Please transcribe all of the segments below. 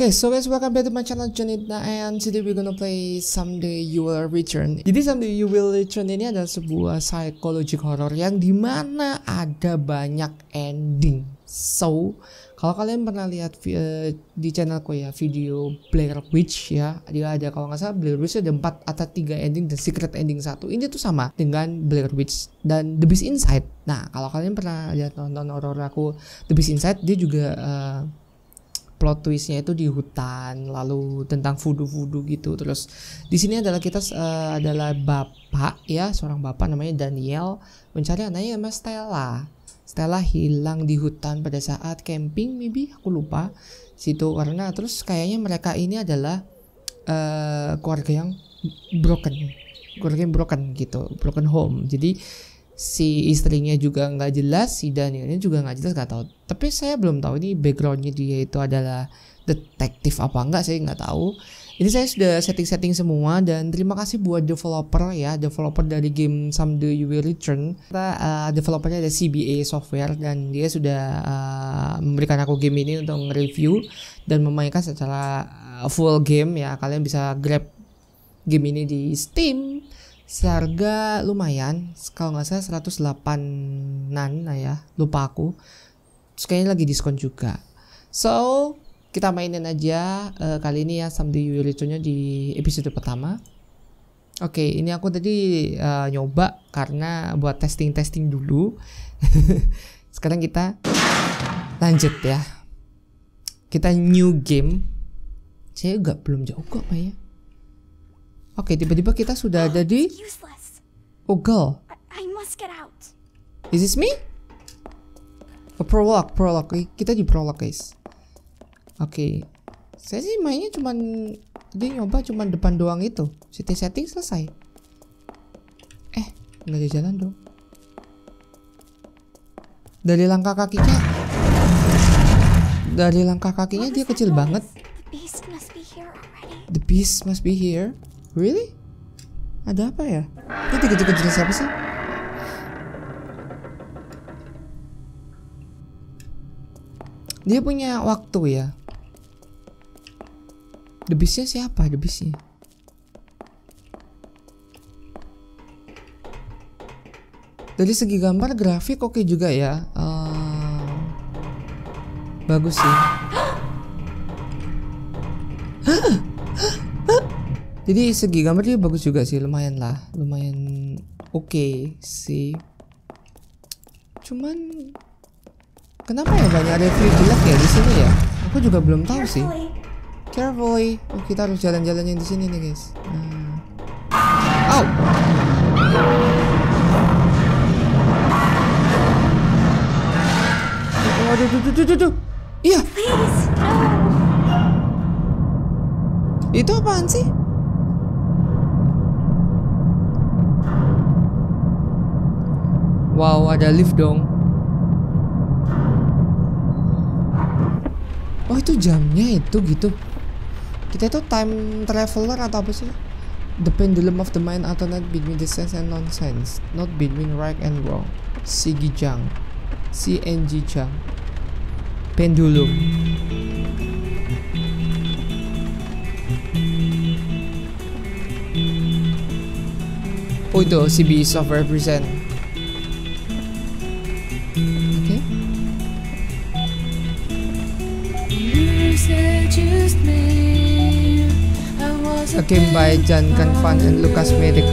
Okay, so guys, welcome back to my channel Jonita and today we're gonna play Someday You Will Return. Jadi Someday You Will Return ini adalah sebuah psychological horror yang dimana ada banyak ending. So, kalau kalian pernah lihat uh, di channelku ya video Blair Witch ya, dia ada kalau nggak salah Blair Witch ada 4 atau 3 ending dan secret ending satu. Ini tuh sama dengan Blair Witch dan The Beast Inside. Nah, kalau kalian pernah lihat nonton horror aku The Beast Inside, dia juga uh, plot twistnya itu di hutan lalu tentang voodoo voodoo gitu terus di sini adalah kita uh, adalah bapak ya seorang bapak namanya Daniel mencari anaknya mas Stella Stella hilang di hutan pada saat camping maybe aku lupa situ karena terus kayaknya mereka ini adalah uh, keluarga yang broken keluarga yang broken gitu broken home jadi si istrinya juga nggak jelas si Danielnya juga nggak jelas nggak tahu tapi saya belum tahu ini backgroundnya dia itu adalah detektif apa enggak saya nggak tahu ini saya sudah setting-setting semua dan terima kasih buat developer ya developer dari game Someday You Will Return kita uh, developernya ada CBA Software dan dia sudah uh, memberikan aku game ini untuk review dan memainkan secara eh, full game ya kalian bisa grab game ini di Steam seharga lumayan kalau nggak salah 108 nan nah ya lupa aku Terus kayaknya lagi diskon juga so kita mainin aja uh, kali ini ya sampai Yuritonya di episode pertama oke okay, ini aku tadi uh, nyoba karena buat testing-testing dulu sekarang kita lanjut ya kita new game saya juga belum jauh kok pak ya Oke, tiba-tiba kita sudah ada di Google. Oh, Is this me? A oh, prologue, prologue. Kita di prologue, guys. Oke. Saya sih mainnya cuman dia nyoba cuman depan doang itu. City setting selesai. Eh, nggak ada jalan dong. Dari langkah kakinya Dari langkah kakinya dia kecil banget. The beast must be here. Really? Ada apa ya? Ini tiga-tiga jenis apa sih? Dia punya waktu ya. Debisnya siapa? Debisnya? Dari segi gambar grafik oke okay juga ya. Uh, bagus sih. jadi segi gambar dia bagus juga sih lumayan lah lumayan oke okay sih cuman kenapa ya banyak review jelek ya di sini ya aku juga belum tahu sih carefully oh, kita harus jalan-jalan yang di sini nih guys hmm. Oh, Waduh, tuh, tuh, tuh, tuh, Iya. Itu apaan sih? Wow, ada lift dong. Oh, itu jamnya itu gitu. Kita itu time traveler atau apa sih? The pendulum of the mind alternate between the sense and nonsense, not between right and wrong. Sigi Jang. CNG Jang. Pendulum. Oh itu CB e Software Present game by Jan Kanfan and Lucas Merrick.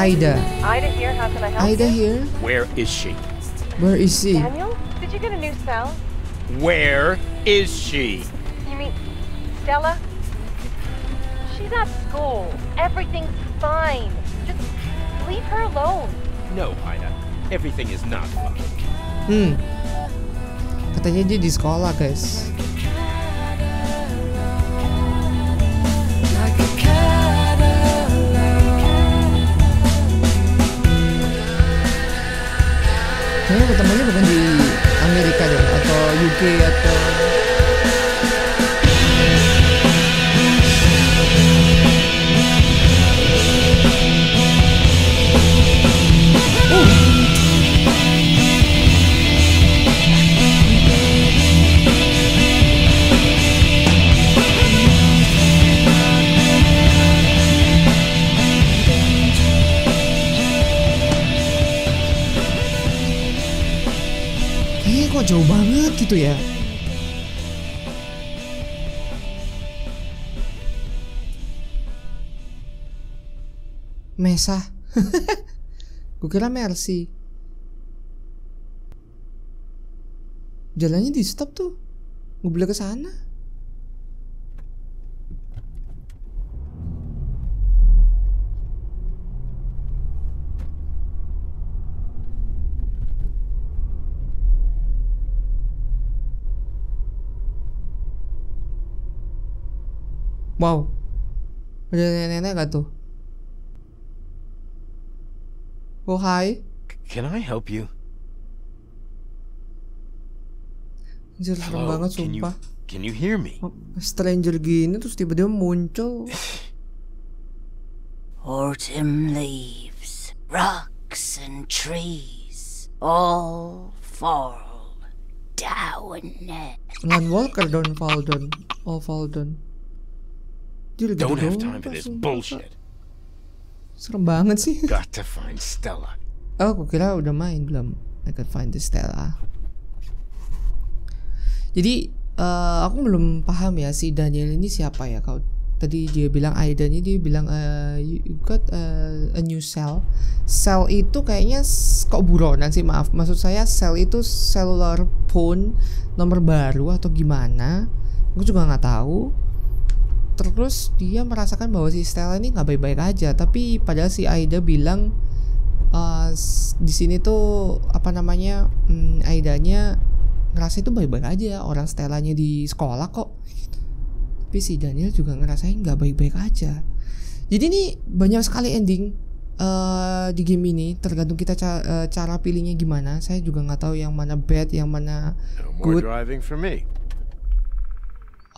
Ida. Ida here, how can I help Ida you? here? Where is she? Where is she? Daniel, did you get a new cell? Where is she? You mean Stella? She's at school. Everything's fine. Just leave her alone. No, Ida. Everything is not fine. Hmm. Katanya dia di sekolah, guys. kayaknya ketemunya bukan di Amerika deh atau UK atau jauh banget gitu ya Mesa Gue kira Mercy Jalannya di stop tuh Gue bilang ke sana Wow. Ada nenek-nenek gak tuh? Oh, hai. Can I help you? Anjir, serem banget sumpah. Can you hear me? Oh, stranger gini terus tiba-tiba muncul. Autumn leaves, rocks and trees, all fall down. Land Walker, don't fall down. All fall down. Don't have time for this bullshit. Serem banget sih. Got to find Stella. Oh, aku kira udah main belum. I got find the Stella. Jadi uh, aku belum paham ya si Daniel ini siapa ya kau tadi dia bilang ini dia bilang uh, you got a, eh, a new cell cell itu kayaknya kok buronan sih maaf maksud saya cell itu cellular phone nomor baru atau gimana aku juga nggak tahu terus dia merasakan bahwa si Stella ini nggak baik-baik aja tapi padahal si Aida bilang uh, di sini tuh apa namanya um, Aidanya ngerasa itu baik-baik aja orang Stellanya di sekolah kok tapi si Daniel juga ngerasain nggak baik-baik aja jadi ini banyak sekali ending uh, di game ini tergantung kita ca uh, cara pilihnya gimana saya juga nggak tahu yang mana bad yang mana good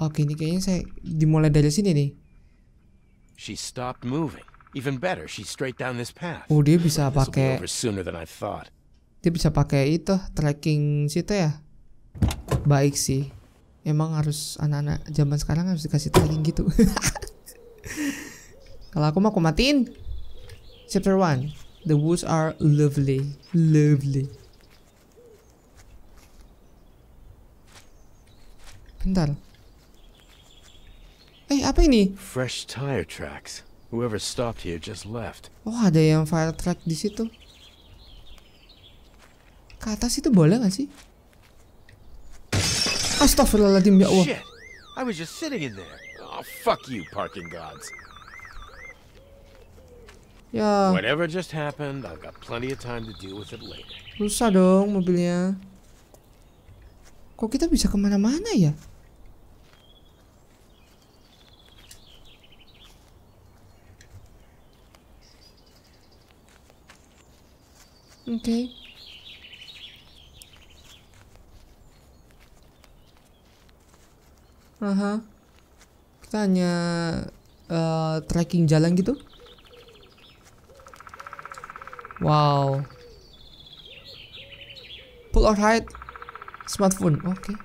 Oke, oh, ini kayaknya saya dimulai dari sini nih. She stopped moving. Even better, she's straight down this path. Oh, dia bisa pakai sooner than I thought. Dia bisa pakai itu tracking situ ya. Baik sih. Emang harus anak-anak zaman sekarang harus dikasih tracking gitu. Kalau aku mau aku matiin. Chapter one. The woods are lovely. Lovely. Bentar. Eh, apa ini? Fresh tire tracks. Whoever stopped here just left. Oh, ada yang fire track di situ. Ke atas itu boleh gak sih? Astagfirullahaladzim ya Allah. Shit. I was just sitting in there. Oh, fuck you, parking gods. Ya. Whatever just happened, I've got plenty of time to deal with it later. Rusak dong mobilnya. Kok kita bisa kemana-mana ya? Okay. Aha. Kita hanya uh, tracking jalan gitu. Wow. Pull or hide smartphone. Oke. Okay.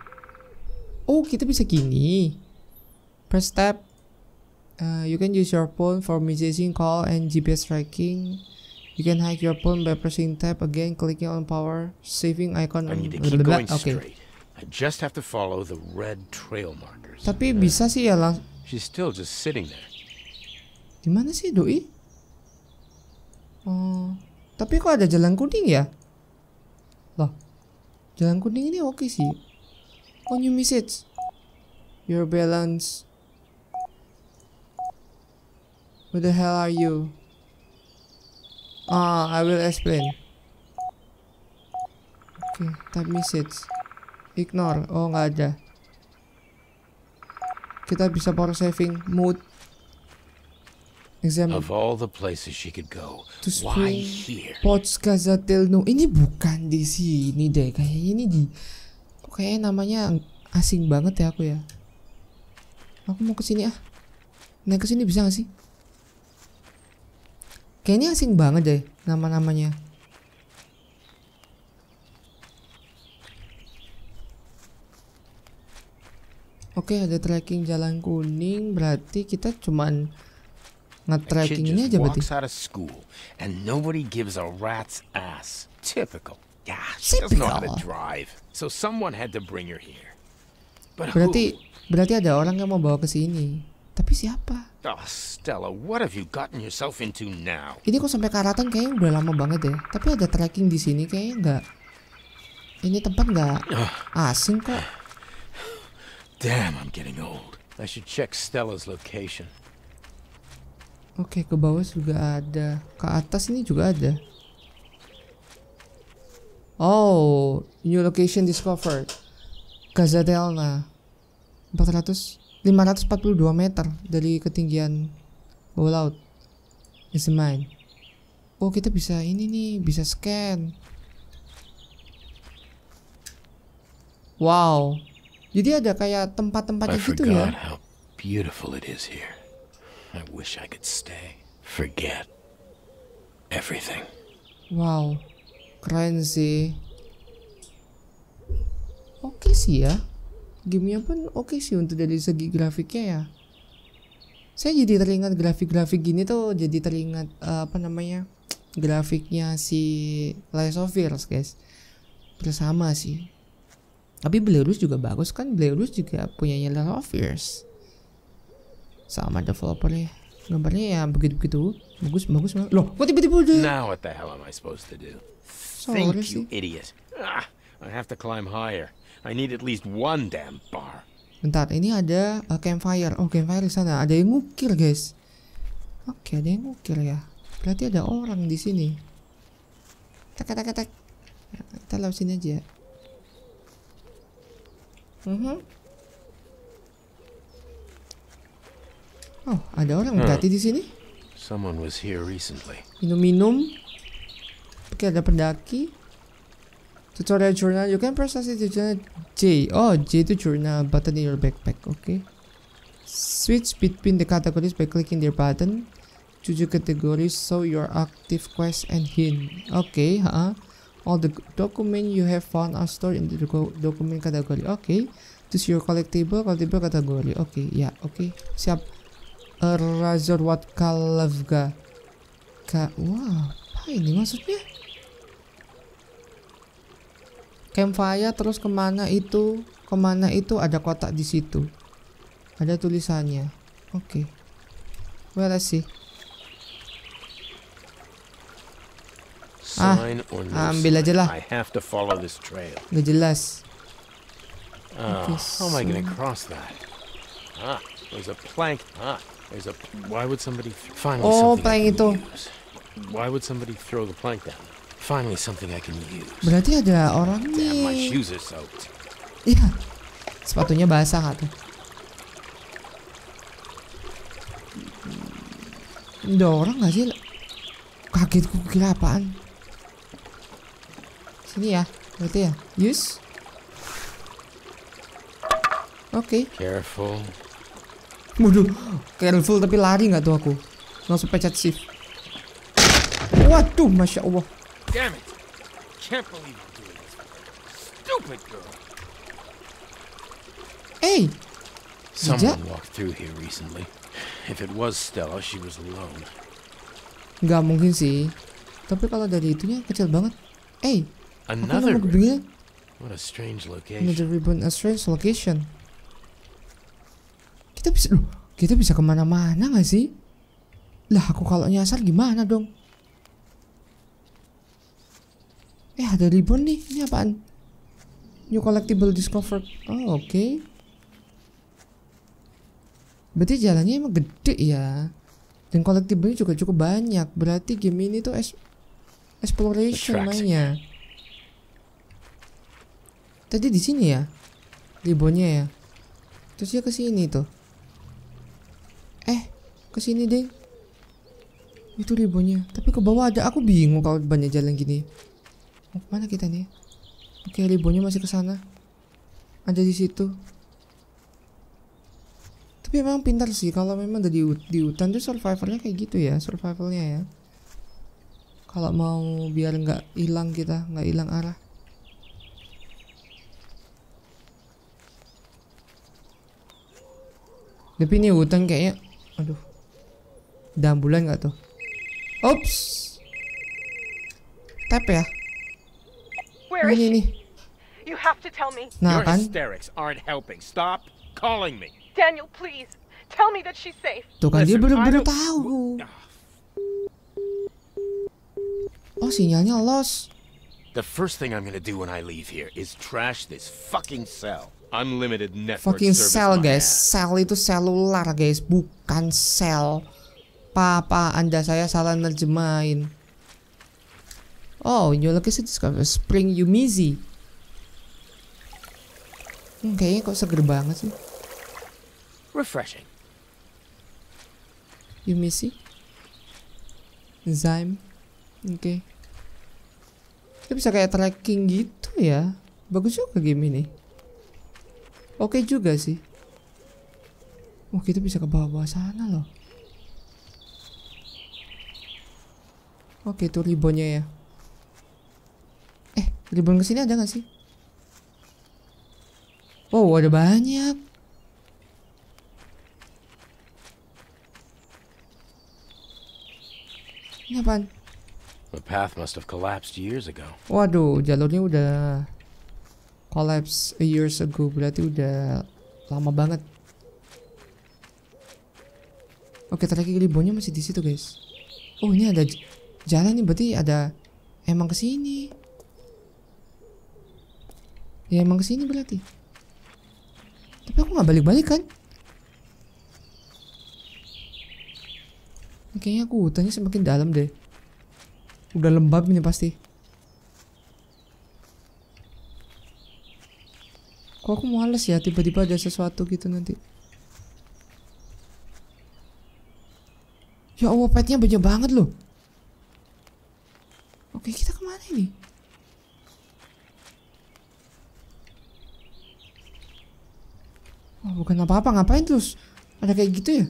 Oh, kita bisa gini. Press tab. Uh, you can use your phone for messaging, call, and GPS tracking. You can hide your phone by pressing tab again, clicking on power saving icon. I need to keep going okay. straight. I just have to follow the red trail markers. Tapi bisa sih ya lang. She's still just sitting there. Di mana sih doi? Oh, tapi kok ada jalan kuning ya? Loh, jalan kuning ini oke okay sih. Oh, new message. Your balance. Where the hell are you? Ah, I will explain. Oke, okay, type message. Ignore. Oh, nggak ada. Kita bisa power saving mode. exam. Of all the places she could go, to why here? Potska No, Ini bukan di sini deh. Kayaknya ini di Kayaknya namanya asing banget ya aku ya. Aku mau kesini ah. Naik kesini bisa nggak sih? Kayaknya asing banget deh nama-namanya. Oke, okay, ada tracking jalan kuning, berarti kita cuman nge-tracking ini aja berarti. school and nobody gives a rat's ass. Typical. Yeah, she doesn't know how to drive. So someone had to bring her here. But berarti who? berarti ada orang yang mau bawa ke sini. Tapi siapa? Oh, Stella, what have you gotten yourself into now? Ini kok sampai karatan kayaknya udah lama banget ya. Tapi ada trekking di sini kayaknya nggak. Ini tempat nggak ah. asing kok. Damn, I'm getting old. I should check Stella's location. Oke, okay, ke bawah juga ada. Ke atas ini juga ada. Oh, new location discovered. Gazadelna. 400 542 meter dari ketinggian bawah laut is mine oh kita bisa ini nih bisa scan wow jadi ada kayak tempat-tempatnya gitu ya how beautiful it is here I wish I could stay forget everything wow keren sih oke okay sih ya gamenya pun oke okay sih untuk dari segi grafiknya ya saya jadi teringat grafik-grafik gini tuh jadi teringat uh, apa namanya grafiknya si Lies of Fears guys bersama sih tapi Belarus juga bagus kan Belarus juga punyanya Lies of Fears sama developer ya gambarnya ya begitu-begitu bagus bagus loh kok tiba-tiba udah now what the hell am I supposed to do Sorry sih. idiot ah. I have to climb higher. I need at least one damn bar. Bentar, ini ada uh, campfire. Oh, campfire di sana. Ada yang ngukir, guys. Oke, okay, ada yang ngukir ya. Berarti ada orang di sini. Tak, tak, tak. Kita lewat sini aja. Uh mhm. -huh. Oh, ada orang hmm. berarti di sini? Someone was here recently. Minum-minum. Oke, ada pendaki. Tutorial journal. You can press as it journal J. Oh, J to journal button in your backpack. Okay. Switch between the categories by clicking their button. Choose categories so your active quest and hint. Okay, huh? All the document you have found are stored in the document category. Okay. This your collectible, collectible category. Okay, ya, yeah, oke. Okay. Siap. Razor what Kalavga. Ka wow, apa ini maksudnya? campfire terus kemana itu kemana itu ada kotak di situ ada tulisannya oke okay. where is ah ambil aja lah nggak jelas okay, ah, ah, ah, so. oh plank itu Why would somebody throw the plank down? Finally something I can use. Berarti ada orang nih. Iya. Yeah. Iya. Sepatunya basah nggak tuh? Ada orang nggak sih? Kaget gue kira apaan? Sini ya, berarti ya. Use. Oke. Okay. Careful. Waduh, careful tapi lari nggak tuh aku? Langsung pecat shift. Waduh, masya Allah. Damn it! Can't believe I'm doing this. Stupid girl. Hey. Someone walked through here recently. If it was Stella, she was alone. Gak mungkin sih. Tapi kalau dari itunya kecil banget. hey, another ribbon. What a strange location. Another ribbon, a strange location. Kita bisa, loh, kita bisa kemana-mana nggak sih? Lah aku kalau nyasar gimana dong? Eh ada ribbon nih Ini apaan New collectible discovered Oh oke okay. Berarti jalannya emang gede ya Dan collectible juga cukup banyak Berarti game ini tuh es Exploration mainnya Tadi di sini ya Ribbonnya ya Terus dia kesini tuh Eh kesini deh itu ribonya tapi ke bawah ada aku bingung kalau banyak jalan gini Mau kemana kita nih? Oke, Libonya masih ke sana. Ada di situ. Tapi memang pintar sih kalau memang ada di, di hutan tuh survivalnya kayak gitu ya, survivalnya ya. Kalau mau biar nggak hilang kita, nggak hilang arah. Tapi ini hutan kayaknya, aduh, dambulan nggak tuh? Oops, tap ya. Where is she? You have to tell me. Nah, Your hysterics aren't helping. Stop calling me. Daniel, please. Tell me that she's safe. Tuh kan dia bener-bener tahu. Ah. Oh, sinyalnya los. The first thing I'm gonna do when I leave here is trash this fucking cell. Unlimited network service. fucking cell guys. Cell itu selular guys, bukan sel. Papa Anda saya salah nerjemahin. Oh, new location discover Spring Yumizi. Hmm, kayaknya kok seger banget sih. Refreshing. Yumizi. Zyme. Oke. Okay. Kita bisa kayak tracking gitu ya. Bagus juga game ini. Oke okay juga sih. Oh, kita bisa ke bawah-bawah sana loh. Oke, okay, itu ribonya ya. Ribuan kesini ada gak sih? Wow ada banyak Ini apaan? The path must have collapsed years ago. Waduh, jalurnya udah collapse a years ago, berarti udah lama banget. Oke, tadi Libonnya masih di situ, guys. Oh, ini ada jalan nih, berarti ada emang ke sini. Ya emang kesini berarti. Tapi aku nggak balik-balik kan? Kayaknya aku hutannya semakin dalam deh. Udah lembab ini pasti. Kok aku males ya tiba-tiba ada sesuatu gitu nanti. Ya Allah petnya banyak banget loh. Oke kita kemana ini? Oh, bukan apa-apa, ngapain terus? Ada kayak gitu ya?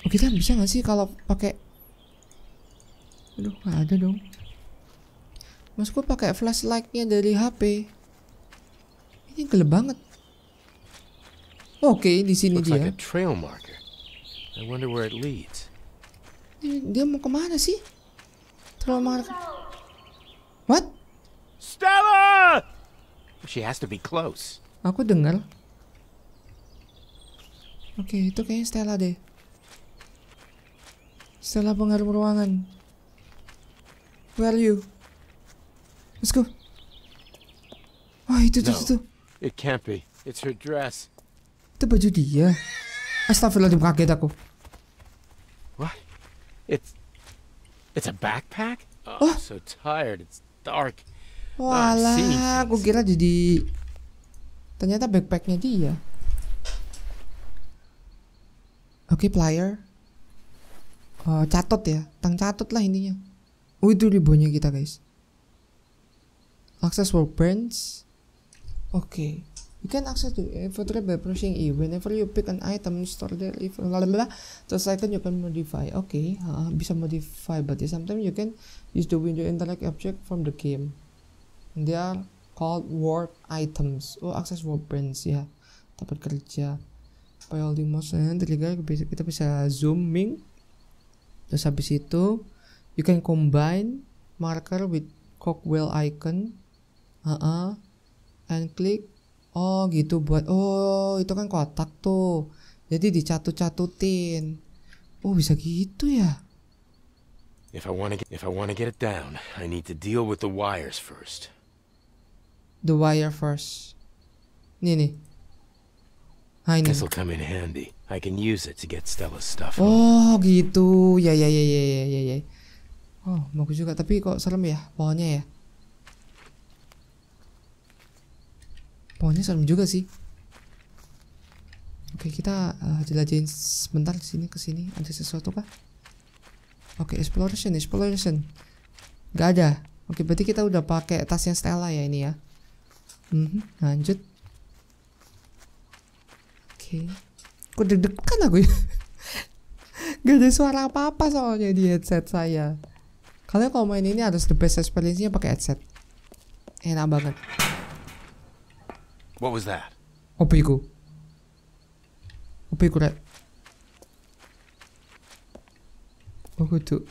Oh, kita bisa gak sih kalau pakai Aduh, gak ada dong. Mas gue pakai flashlightnya dari HP. Ini gelap banget. Oke, di sini dia. Like trail marker. I wonder where it leads. Dia, dia mau kemana sih? Trail marker. What? Stella! She has to be close. Aku dengar. Oke, okay, itu kayaknya Stella deh. Stella pengaruh ruangan. Where are you? Let's go. Wah, oh, itu tuh, no, itu. It can't be. It's her dress. Itu baju dia. Astagfirullahaladzim, kaget aku. What? It's It's a backpack? Oh, oh. I'm so tired. It's dark. Ah, Walah, aku kira jadi ternyata backpacknya dia. Markiplier uh, eh, Catot ya Tang Catot lah intinya Oh itu ribonya kita guys Access workbench Oke okay. You can access to the inventory by pressing E Whenever you pick an item Store there if Lalalala Terus second you can modify Oke okay. uh, Bisa modify But ya, sometimes you can Use the window interact object from the game they are called work items Oh access workbench ya Dapat kerja supaya holding mouse ya. trigger kita bisa zooming terus habis itu you can combine marker with cogwheel icon uh -uh. and click oh gitu buat oh itu kan kotak tuh jadi dicatut-catutin oh bisa gitu ya If I want to if I want to get it down, I need to deal with the wires first. The wire first. Nih nih. Ah, ini. Oh gitu, ya, ya ya ya ya ya ya. Oh bagus juga, tapi kok serem ya pohonnya ya. Pohonnya serem juga sih. Oke kita uh, jelajahin sebentar sini ke sini ada sesuatu kah? Oke exploration exploration. Gak ada. Oke berarti kita udah pakai tasnya Stella ya ini ya. Mm -hmm, lanjut. Oke. Okay. Kok deg-degan aku ya? Gak ada suara apa-apa soalnya di headset saya. Kalian kalau main ini harus the best experience-nya pakai headset. Enak banget. What was that? Opiku. Opiku rek. Oh itu.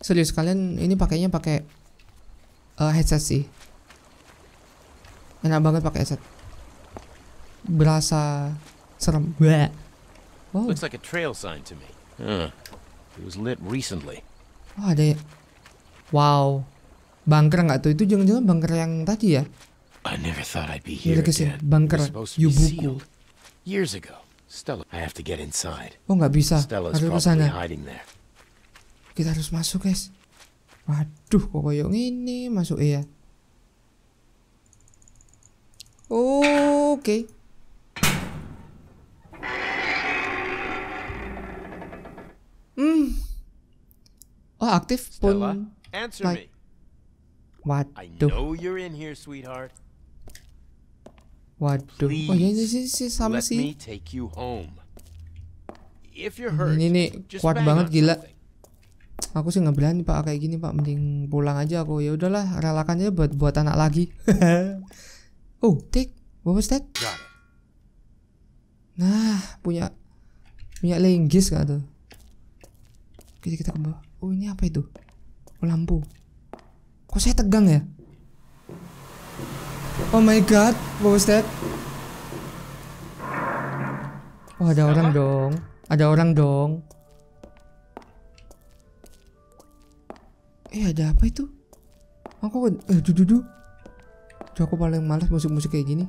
Serius kalian ini pakainya pakai uh, headset sih. Enak banget pakai headset berasa serem. Bleh. Wow. Looks like a trail sign to me. Huh. It was lit recently. Oh, ada ya? Wow. Bunker nggak tuh? Itu jangan-jangan bunker yang tadi ya? I never thought I'd be iya, here again. Bunker Yubuku. Years ago. Stella, I have to get inside. Oh, nggak bisa. Stella's harus ke sana. Kita harus masuk, guys. Waduh, kok kayak ini masuk ya? Oke. Okay. Hmm. Oh aktif pun like. Waduh. Waduh. Oh, iya, iya, iya, Please, oh ya sih sih sama sih. Hurt, ini nih kuat banget gila. Aku sih nggak berani pak kayak gini pak mending pulang aja aku ya udahlah relakan aja buat buat anak lagi. oh take what was that? Nah punya punya linggis kan tuh. Kita kita ke Oh ini apa itu? Oh, lampu. Kok saya tegang ya? Oh my god, what was that? Oh ada Siapa? orang dong, ada orang dong. Eh ada apa itu? Aku oh, eh dududu. Duh, aku paling malas musik-musik kayak gini.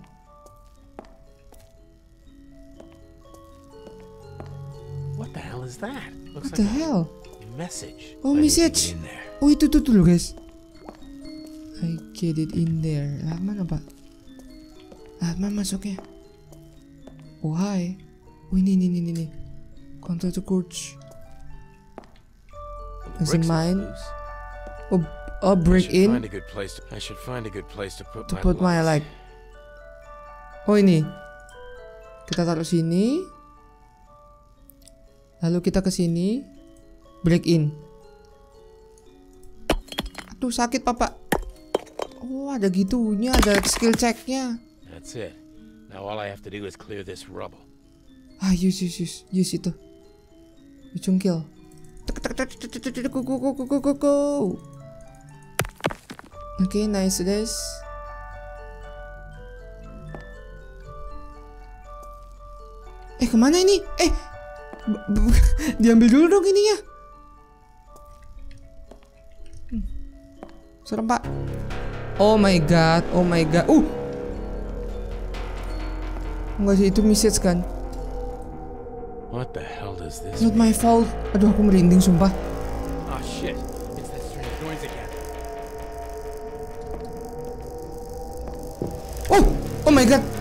What the hell is that? Looks What the like hell? message. Oh, message. Oh, itu tuh dulu, guys. I get it in there. Lah, mana, Pak? Lah, mana masuknya? Oh, hi, Oh, ini, ini, ini, ini. Control to coach. it mind. Oh, oh break in. I should find a good place to put, to my, put my leg. Oh, ini. Kita taruh sini. Lalu kita ke sini break in aduh sakit papa oh ada gitunya ada skill checknya that's it now all I have to do is clear this rubble ah yes yes yes yes itu ujung kill go go go go go go go okay nice guys eh kemana ini eh diambil dulu dong ininya Serem pak Oh my god Oh my god Uh Enggak sih itu message kan What the hell does this Not my fault Aduh aku merinding sumpah Oh shit Oh Oh my god